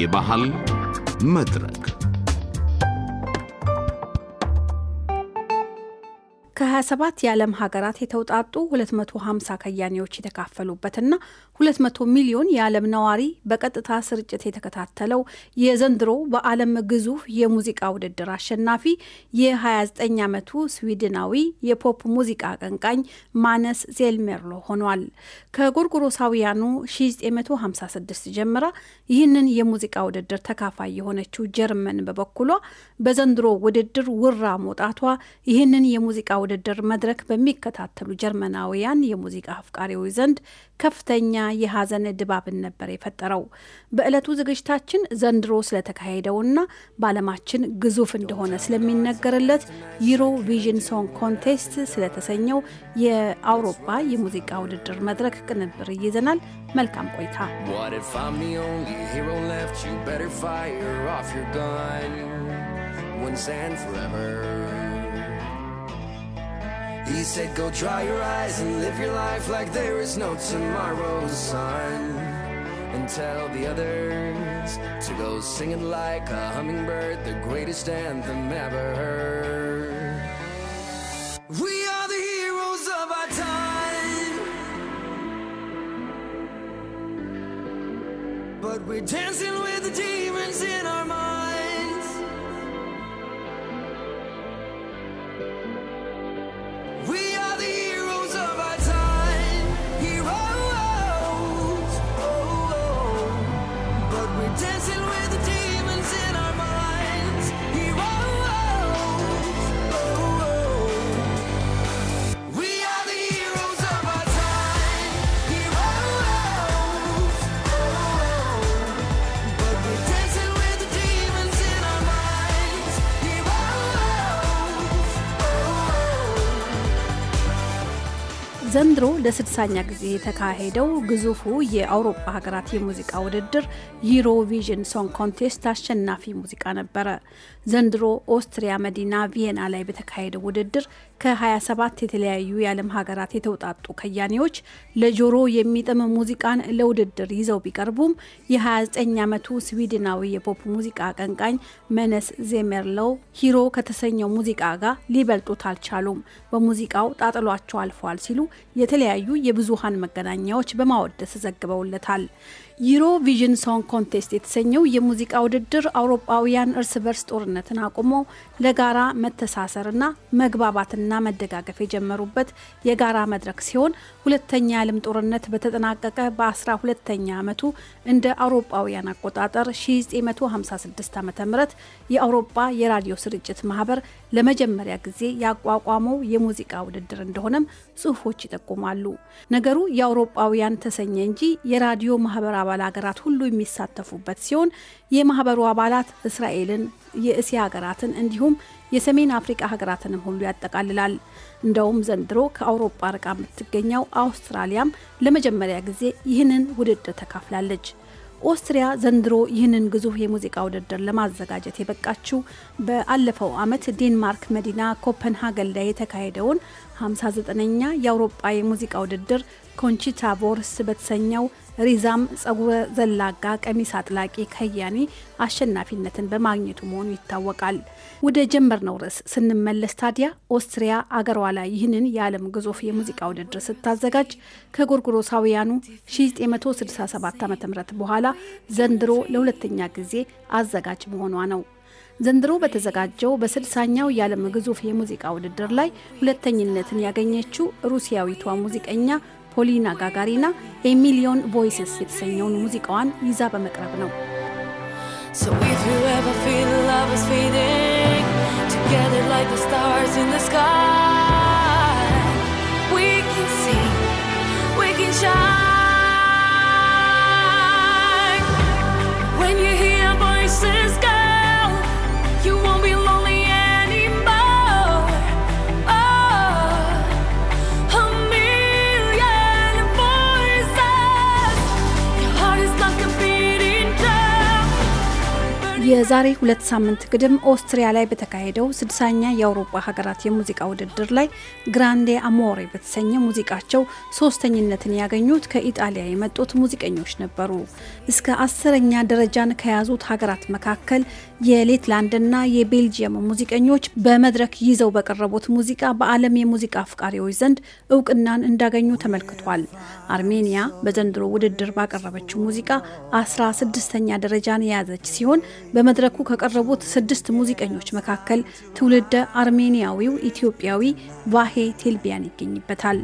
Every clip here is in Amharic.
የባህል መድረክ ከ27 የዓለም ሀገራት የተውጣጡ 250 ከያኔዎች የተካፈሉበትና 200 ሚሊዮን የዓለም ነዋሪ በቀጥታ ስርጭት የተከታተለው የዘንድሮ በዓለም ግዙፍ የሙዚቃ ውድድር አሸናፊ የ29 ዓመቱ ስዊድናዊ የፖፕ ሙዚቃ አቀንቃኝ ማነስ ዜልሜርሎ ሆኗል። ከጎርጎሮሳውያኑ 1956 ጀምራ ይህንን የሙዚቃ ውድድር ተካፋይ የሆነችው ጀርመን በበኩሏ በዘንድሮ ውድድር ውራ መውጣቷ ይህንን የሙዚቃ ውድድር የድርድር መድረክ በሚከታተሉ ጀርመናውያን የሙዚቃ አፍቃሪዎች ዘንድ ከፍተኛ የሀዘን ድባብን ነበር የፈጠረው። በዕለቱ ዝግጅታችን ዘንድሮ ስለተካሄደውና በዓለማችን ግዙፍ እንደሆነ ስለሚነገርለት ዩሮ ቪዥን ሶንግ ኮንቴስት ስለተሰኘው የአውሮፓ የሙዚቃ ውድድር መድረክ ቅንብር ይዘናል። መልካም ቆይታ። When sand forever He said, go dry your eyes and live your life like there is no tomorrow, son. And tell the others to go singing like a hummingbird, the greatest anthem ever heard. We are the heroes of our time. But we're dancing with the demons in our minds. ዘንድሮ ለስድሳኛ ጊዜ የተካሄደው ግዙፉ የአውሮፓ ሀገራት የሙዚቃ ውድድር ዩሮቪዥን ሶንግ ኮንቴስት አሸናፊ ሙዚቃ ነበረ። ዘንድሮ ኦስትሪያ መዲና ቪየና ላይ በተካሄደው ውድድር ከ27 የተለያዩ የዓለም ሀገራት የተውጣጡ ከያኔዎች ለጆሮ የሚጥም ሙዚቃን ለውድድር ይዘው ቢቀርቡም የ29 ዓመቱ ስዊድናዊ የፖፕ ሙዚቃ አቀንቃኝ መነስ ዜሜርለው ሂሮ ከተሰኘው ሙዚቃ ጋር ሊበልጡት አልቻሉም። በሙዚቃው ጣጥሏቸው አልፏል ሲሉ የተለያዩ የብዙሀን መገናኛዎች በማወደስ ዘግበውለታል። ዩሮ ቪዥን ሶንግ ኮንቴስት የተሰኘው የሙዚቃ ውድድር አውሮፓውያን እርስ በርስ ጦርነትን አቁሞ ለጋራ መተሳሰርና መግባባትና መደጋገፍ የጀመሩበት የጋራ መድረክ ሲሆን ሁለተኛ የዓለም ጦርነት በተጠናቀቀ በአስራ ሁለተኛ ዓመቱ እንደ አውሮፓውያን አቆጣጠር 1956 ዓ ም የአውሮፓ የራዲዮ ስርጭት ማህበር ለመጀመሪያ ጊዜ ያቋቋመው የሙዚቃ ውድድር እንደሆነም ጽሁፎች ይጠቁማሉ። ነገሩ የአውሮፓውያን ተሰኘ እንጂ የራዲዮ ማህበር። አባል ሀገራት ሁሉ የሚሳተፉበት ሲሆን የማህበሩ አባላት እስራኤልን፣ የእስያ ሀገራትን እንዲሁም የሰሜን አፍሪቃ ሀገራትንም ሁሉ ያጠቃልላል። እንደውም ዘንድሮ ከአውሮፓ ርቃ የምትገኘው አውስትራሊያም ለመጀመሪያ ጊዜ ይህንን ውድድር ተካፍላለች። ኦስትሪያ ዘንድሮ ይህንን ግዙፍ የሙዚቃ ውድድር ለማዘጋጀት የበቃችው በአለፈው ዓመት ዴንማርክ መዲና ኮፐንሃገን ላይ የተካሄደውን 59ኛ የአውሮጳ የሙዚቃ ውድድር ኮንቺታ ቮርስ በተሰኘው ሪዛም ጸጉረ ዘላጋ ቀሚስ አጥላቂ ከያኔ አሸናፊነትን በማግኘቱ መሆኑ ይታወቃል። ወደ ጀመርነው ርዕስ ስንመለስ ታዲያ ኦስትሪያ አገሯ ላይ ይህንን የዓለም ግዙፍ የሙዚቃ ውድድር ስታዘጋጅ ከጎርጎሮሳውያኑ 1967 ዓ.ም በኋላ ዘንድሮ ለሁለተኛ ጊዜ አዘጋጅ መሆኗ ነው። ዘንድሮ በተዘጋጀው በስልሳኛው የዓለም ግዙፍ የሙዚቃ ውድድር ላይ ሁለተኝነትን ያገኘችው ሩሲያዊቷ ሙዚቀኛ ፖሊና ጋጋሪና ኤሚሊዮን ቮይስስ የተሰኘውን ሙዚቃዋን ይዛ በመቅረብ ነው። So የዛሬ ሁለት ሳምንት ግድም ኦስትሪያ ላይ በተካሄደው ስድሳኛ የአውሮፓ ሀገራት የሙዚቃ ውድድር ላይ ግራንዴ አሞሬ በተሰኘ ሙዚቃቸው ሶስተኝነትን ያገኙት ከኢጣሊያ የመጡት ሙዚቀኞች ነበሩ። እስከ አስረኛ ደረጃን ከያዙት ሀገራት መካከል የሌትላንድና የቤልጅየም ሙዚቀኞች በመድረክ ይዘው በቀረቡት ሙዚቃ በዓለም የሙዚቃ አፍቃሪዎች ዘንድ እውቅናን እንዳገኙ ተመልክቷል። አርሜኒያ በዘንድሮ ውድድር ባቀረበችው ሙዚቃ አስራ ስድስተኛ ደረጃን የያዘች ሲሆን በመድረኩ ከቀረቡት ስድስት ሙዚቀኞች መካከል ትውልደ አርሜኒያዊው ኢትዮጵያዊ ቫሄ ቴልቢያን ይገኝበታል።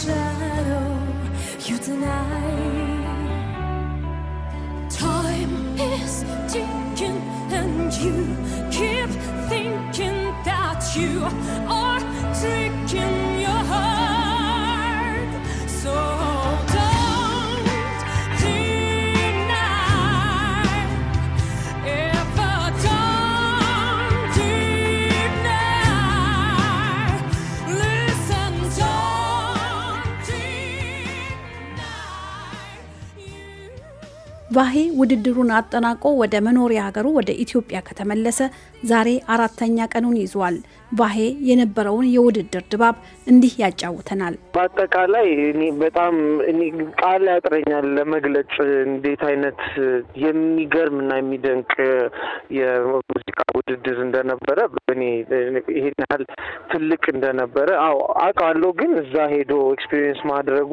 shadow you deny ቫሄ ውድድሩን አጠናቆ ወደ መኖሪያ ሀገሩ ወደ ኢትዮጵያ ከተመለሰ ዛሬ አራተኛ ቀኑን ይዟል። ባሄ የነበረውን የውድድር ድባብ እንዲህ ያጫውተናል። በአጠቃላይ እኔ በጣም እኔ ቃል ያጥረኛል ለመግለጽ እንዴት አይነት የሚገርም እና የሚደንቅ የሙዚቃ ውድድር እንደነበረ እኔ ይሄን ያህል ትልቅ እንደነበረ አዎ አውቃለሁ፣ ግን እዛ ሄዶ ኤክስፒሪየንስ ማድረጉ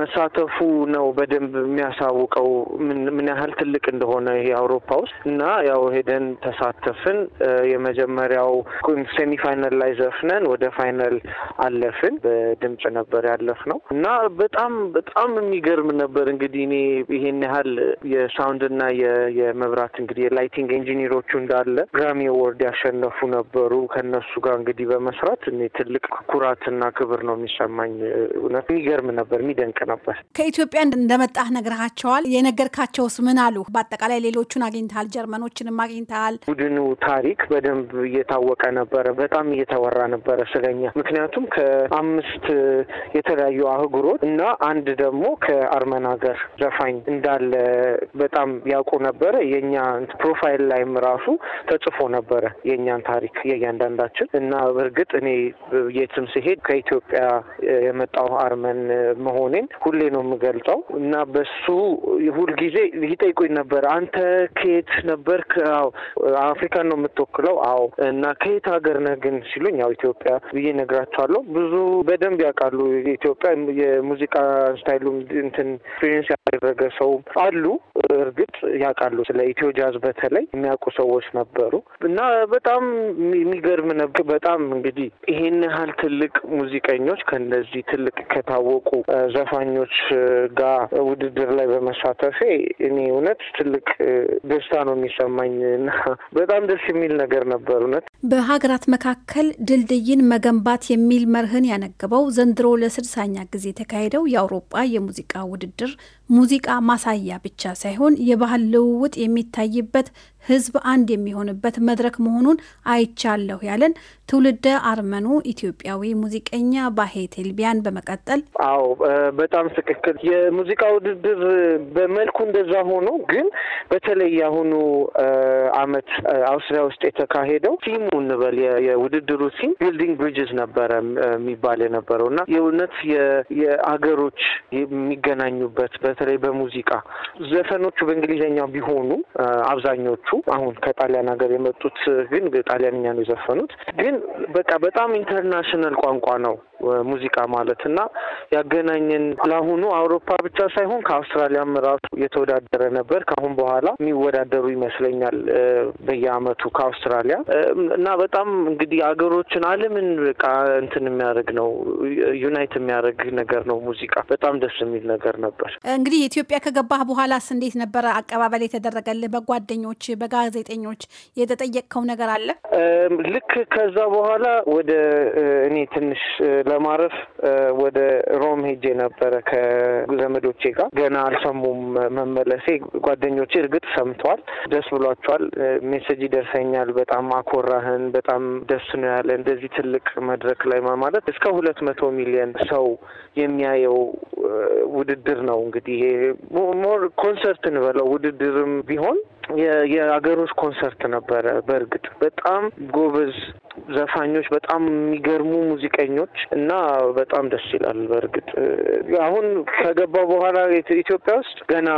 መሳተፉ ነው በደንብ የሚያሳውቀው ምን ያህል ትልቅ እንደሆነ ይሄ አውሮፓ ውስጥ እና ያው ሄደን ተሳተፍን የመጀመሪያው ሴሚፋይናል ላይ ዘፍነን ወደ ፋይናል አለፍን። በድምጽ ነበር ያለፍ ነው እና በጣም በጣም የሚገርም ነበር። እንግዲህ እኔ ይሄን ያህል የሳውንድና የመብራት እንግዲህ የላይቲንግ ኢንጂኒሮቹ እንዳለ ግራሚ አዋርድ ያሸነፉ ነበሩ። ከነሱ ጋር እንግዲህ በመስራት እኔ ትልቅ ኩራትና ክብር ነው የሚሰማኝ። እውነት የሚገርም ነበር፣ የሚደንቅ ነበር። ከኢትዮጵያ እንደመጣህ ነግረሃቸዋል? የነገርካቸውስ ምን አሉ? በአጠቃላይ ሌሎቹን አግኝተሃል፣ ጀርመኖችንም አግኝተሃል? ቡድኑ ታሪክ በደንብ እየታወቀ ነበረ። በጣም እየተወራ ነበረ ስለኛ። ምክንያቱም ከአምስት የተለያዩ አህጉሮት እና አንድ ደግሞ ከአርመን ሀገር ዘፋኝ እንዳለ በጣም ያውቁ ነበረ። የእኛ ፕሮፋይል ላይም ራሱ ተጽፎ ነበረ የእኛን ታሪክ የእያንዳንዳችን እና በእርግጥ እኔ የትም ሲሄድ ከኢትዮጵያ የመጣው አርመን መሆኔን ሁሌ ነው የምገልጸው እና በሱ ሁልጊዜ ይጠይቁኝ ነበር አንተ ከየት ነበርክ? አዎ አፍሪካን ነው የምትወክለው። አዎ እና ከየት የት ሀገር ነህ ግን ሲሉኝ ያው ኢትዮጵያ ብዬ ነግራቸዋለሁ። ብዙ በደንብ ያውቃሉ ኢትዮጵያ የሙዚቃ ስታይሉ እንትን ኤክስፔሪንስ ያደረገ ሰው አሉ። እርግጥ ያውቃሉ ስለ ኢትዮ ጃዝ በተለይ የሚያውቁ ሰዎች ነበሩ እና በጣም የሚገርም ነበር። በጣም እንግዲህ ይሄን ያህል ትልቅ ሙዚቀኞች ከነዚህ ትልቅ ከታወቁ ዘፋኞች ጋር ውድድር ላይ በመሳተፌ እኔ እውነት ትልቅ ደስታ ነው የሚሰማኝ እና በጣም ደስ የሚል ነገር ነበር እውነት። በሀገራት መካከል ድልድይን መገንባት የሚል መርህን ያነገበው ዘንድሮ ለስድሳኛ ጊዜ የተካሄደው የአውሮጳ የሙዚቃ ውድድር ሙዚቃ ማሳያ ብቻ ሳይሆን የባህል ልውውጥ የሚታይበት ህዝብ አንድ የሚሆንበት መድረክ መሆኑን አይቻለሁ ያለን ትውልደ አርመኑ ኢትዮጵያዊ ሙዚቀኛ ባሄ ቴልቢያን በመቀጠል አዎ፣ በጣም ትክክል። የሙዚቃ ውድድር በመልኩ እንደዛ ሆኖ ግን በተለይ የአሁኑ አመት አውስትሪያ ውስጥ የተካሄደው ቲሙ እንበል የውድድሩ ሲም ቢልዲንግ ብሪጅስ ነበረ የሚባል የነበረው እና የእውነት የአገሮች የሚገናኙበት በተለይ በሙዚቃ ዘፈኖቹ በእንግሊዝኛው ቢሆኑ አብዛኞቹ አሁን ከጣሊያን ሀገር የመጡት ግን ጣሊያንኛ ነው የዘፈኑት። ግን በቃ በጣም ኢንተርናሽናል ቋንቋ ነው ሙዚቃ ማለት እና ያገናኘን ለአሁኑ አውሮፓ ብቻ ሳይሆን ከአውስትራሊያም ራሱ የተወዳደረ ነበር። ከአሁን በኋላ የሚወዳደሩ ይመስለኛል በየአመቱ ከአውስትራሊያ እና በጣም እንግዲህ አገሮችን ዓለምን በቃ እንትን የሚያደርግ ነው ዩናይት የሚያደርግ ነገር ነው ሙዚቃ። በጣም ደስ የሚል ነገር ነበር። እንግዲህ ኢትዮጵያ ከገባህ በኋላስ እንዴት ነበረ አቀባበል የተደረገልህ? በጓደኞች በጋዜጠኞች የተጠየቅከው ነገር አለ? ልክ ከዛ በኋላ ወደ እኔ ትንሽ ለማረፍ ወደ ሮም ሄጄ ነበረ ከዘመዶቼ ጋር። ገና አልሰሙም መመለሴ። ጓደኞቼ እርግጥ ሰምተዋል፣ ደስ ብሏቸዋል። ሜሴጅ ይደርሰኛል። በጣም አኮራህን፣ በጣም ደስ ነው ያለ እንደዚህ ትልቅ መድረክ ላይ ማለት እስከ ሁለት መቶ ሚሊዮን ሰው የሚያየው ውድድር ነው እንግዲህ ሞር ኮንሰርት በለው ውድድርም ቢሆን የአገሮች ኮንሰርት ነበረ። በእርግጥ በጣም ጎበዝ ዘፋኞች፣ በጣም የሚገርሙ ሙዚቀኞች እና በጣም ደስ ይላል። በእርግጥ አሁን ከገባ በኋላ ኢትዮጵያ ውስጥ ገና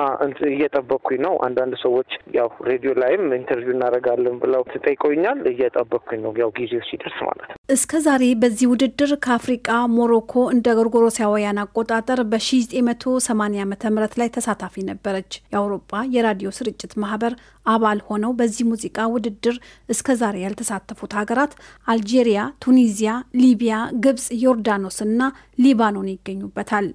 እየጠበኩኝ ነው። አንዳንድ ሰዎች ያው ሬዲዮ ላይም ኢንተርቪው እናደርጋለን ብለው ትጠይቆኛል። እየጠበኩኝ ነው ያው ጊዜው ሲደርስ ማለት ነው። እስከ ዛሬ በዚህ ውድድር ከአፍሪቃ ሞሮኮ እንደ ጎርጎሮሳውያን አቆጣጠር በ1980 ዓ ም ላይ ተሳታፊ ነበረች። የአውሮፓ የራዲዮ ስርጭት ማህበር አባል ሆነው በዚህ ሙዚቃ ውድድር እስከ ዛሬ ያልተሳተፉት ሀገራት አልጄሪያ፣ ቱኒዚያ፣ ሊቢያ፣ ግብጽ፣ ዮርዳኖስ እና ሊባኖን ይገኙበታል።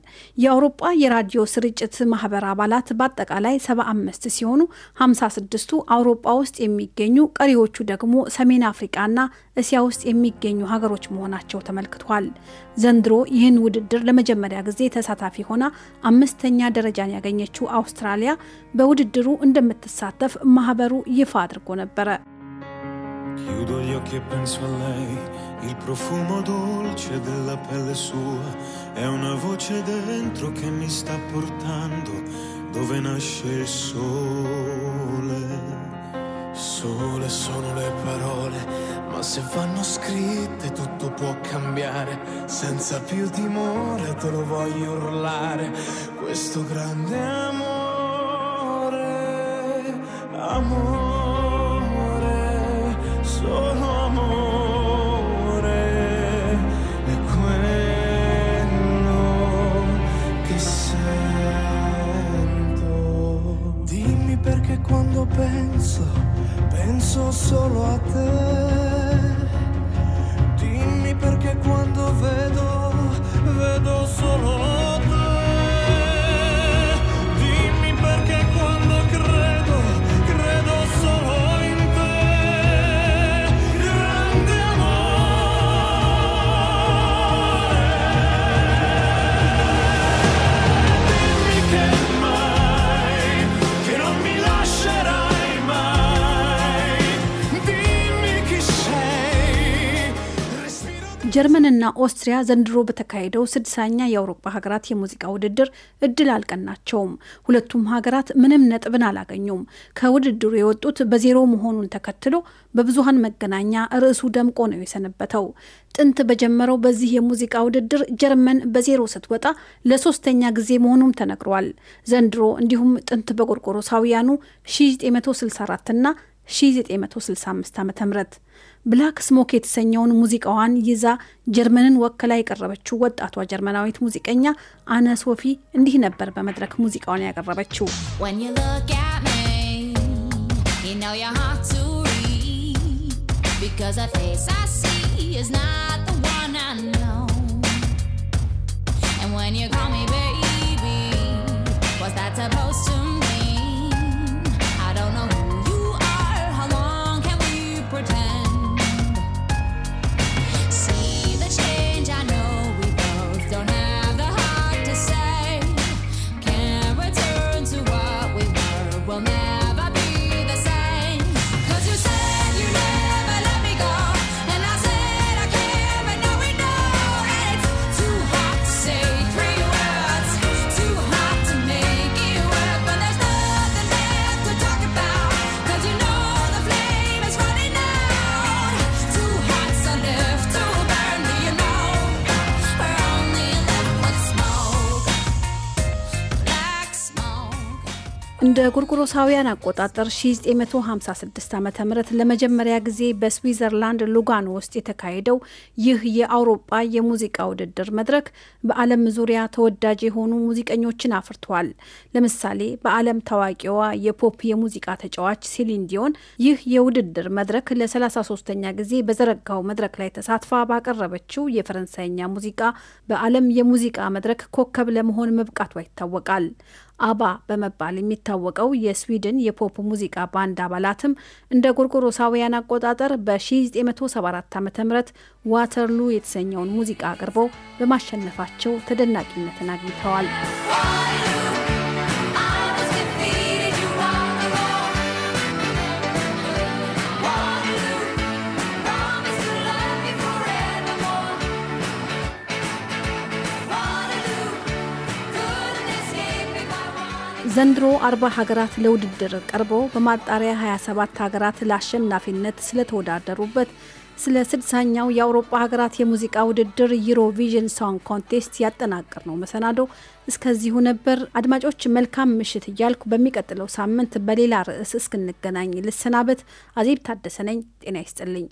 የአውሮጳ የራዲዮ ስርጭት ማህበር አባላት በአጠቃላይ 75 ሲሆኑ 56ቱ አውሮጳ ውስጥ የሚገኙ ቀሪዎቹ ደግሞ ሰሜን አፍሪቃና እስያ ውስጥ የሚገኙ ሀገሮች መሆናቸው ተመልክቷል። ዘንድሮ ይህን ውድድር ለመጀመሪያ ጊዜ ተሳታፊ ሆና አምስተኛ ደረጃን ያገኘችው አውስትራሊያ በውድድሩ እንደምትሳተፍ ማህበሩ ይፋ አድርጎ ነበረ። Chiudo gli occhi e penso a lei, il profumo dolce della pelle sua, è una voce dentro che mi sta portando dove nasce il sole. Sole sono le parole, ma se vanno scritte tutto può cambiare. Senza più timore te lo voglio urlare, questo grande amore solo a te ጀርመንና ኦስትሪያ ዘንድሮ በተካሄደው ስድሳኛ የአውሮፓ ሀገራት የሙዚቃ ውድድር እድል አልቀናቸውም። ሁለቱም ሀገራት ምንም ነጥብን አላገኙም። ከውድድሩ የወጡት በዜሮ መሆኑን ተከትሎ በብዙሀን መገናኛ ርዕሱ ደምቆ ነው የሰነበተው። ጥንት በጀመረው በዚህ የሙዚቃ ውድድር ጀርመን በዜሮ ስትወጣ ለሶስተኛ ጊዜ መሆኑም ተነግሯል። ዘንድሮ እንዲሁም ጥንት በጎርጎሮሳውያኑ 1964ና 1965 ዓ ም ብላክ ስሞክ የተሰኘውን ሙዚቃዋን ይዛ ጀርመንን ወክላ የቀረበችው ወጣቷ ጀርመናዊት ሙዚቀኛ አነ ሶፊ እንዲህ ነበር በመድረክ ሙዚቃዋን ያቀረበችው። When you call me baby እንደ ጉርጉሮሳውያን አቆጣጠር 1956 ዓ ም ለመጀመሪያ ጊዜ በስዊዘርላንድ ሉጋን ውስጥ የተካሄደው ይህ የአውሮጳ የሙዚቃ ውድድር መድረክ በዓለም ዙሪያ ተወዳጅ የሆኑ ሙዚቀኞችን አፍርቷል። ለምሳሌ በዓለም ታዋቂዋ የፖፕ የሙዚቃ ተጫዋች ሴሊን ዲዮን ይህ የውድድር መድረክ ለ33ኛ ጊዜ በዘረጋው መድረክ ላይ ተሳትፋ ባቀረበችው የፈረንሳይኛ ሙዚቃ በዓለም የሙዚቃ መድረክ ኮከብ ለመሆን መብቃቷ ይታወቃል። አባ በመባል የሚታወቀው የስዊድን የፖፕ ሙዚቃ ባንድ አባላትም እንደ ጎርጎሮሳውያን አቆጣጠር በ1974 ዓ ም ዋተርሉ የተሰኘውን ሙዚቃ አቅርበው በማሸነፋቸው ተደናቂነትን አግኝተዋል። ዘንድሮ አርባ ሀገራት ለውድድር ቀርቦ በማጣሪያ 27 ሀገራት ለአሸናፊነት ስለተወዳደሩበት ስለ ስድሳኛው የአውሮፓ ሀገራት የሙዚቃ ውድድር ዩሮቪዥን ሶንግ ኮንቴስት ያጠናቅር ነው መሰናዶ እስከዚሁ ነበር። አድማጮች መልካም ምሽት እያልኩ በሚቀጥለው ሳምንት በሌላ ርዕስ እስክንገናኝ ልሰናበት። አዜብ ታደሰ ነኝ። ጤና ይስጥልኝ።